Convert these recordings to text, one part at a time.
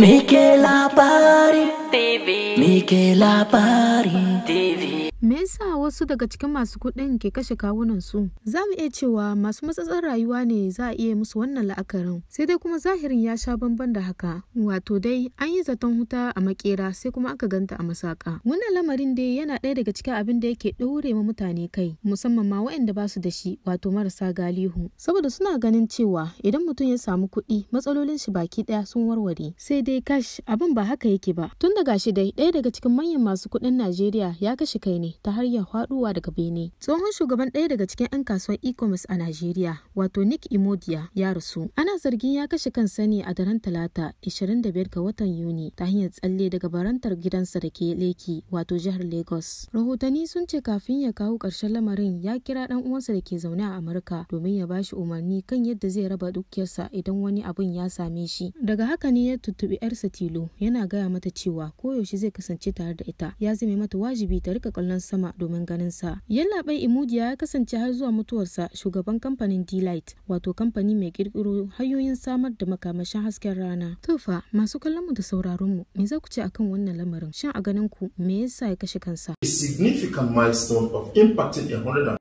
Mikela Pari TV Michela Pari TV me yasa wasu daga cikin masu kuɗin ke kashe kawunan su za mu iya cewa masu matsatsar rayuwa ne za a iya musu wannan la'akarin sai dai kuma zahirin ya sha bamban da haka wato dai an yi zaton huta a makera sai kuma aka ganta a masaka wannan lamarin dai yana ɗaya daga cikin abin da yake ɗaure ma mutane kai musamman ma waɗanda ba su da shi wato marasa galihu saboda suna ganin cewa idan mutum ya samu kuɗi matsalolin shi baki ɗaya sun warware sai dai kash abin ba haka yake ba tun daga shi dai ɗaya daga cikin manyan masu kuɗin Najeriya ya kashe kai ne ta har ya faduwa daga bene tsohon shugaban ɗaya daga cikin 'yan kasuwar e-commerce a najeriya wato nick imodia ya rasu ana zargin ya kashe kansa ne a daren talata 25 ga watan yuni ta hanyar tsalle daga barantar gidansa da ke leki wato jihar lagos rahotanni sun ce kafin ya kawo ƙarshen lamarin ya kira ɗan uwansa da ke zaune a amurka domin ya bashi umarni kan yadda zai raba dukiyarsa idan wani abin ya same shi daga haka ne ya tuttubi 'yarsa tilo yana gaya mata cewa koyaushe zai kasance tare da ita ya zame mata wajibi ta rika kallon sama domin ganin sa yallaɓai imudiya ya kasance har zuwa mutuwarsa shugaban kamfanin d-light wato kamfani mai kirkiro hanyoyin samar da makamashin hasken rana tofa masu kallon mu da sauraron mu me za ku ce akan wannan lamarin shin a ganin ku me yasa ya kashe kansa significant milestone of impacting 100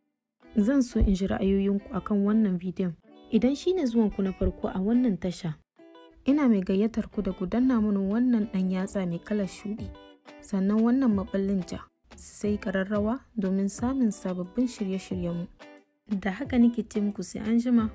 zan so in ji ra'ayoyinku akan wannan bidiyon idan shine zuwanku na farko a wannan tasha ina mai gayyatar ku da ku danna mana wannan ɗan yatsa mai kalar shuɗi sannan wannan maɓallin ja sai kararrawa domin samun sababbin shirye-shiryenmu. Da haka nake ce muku sai an jima.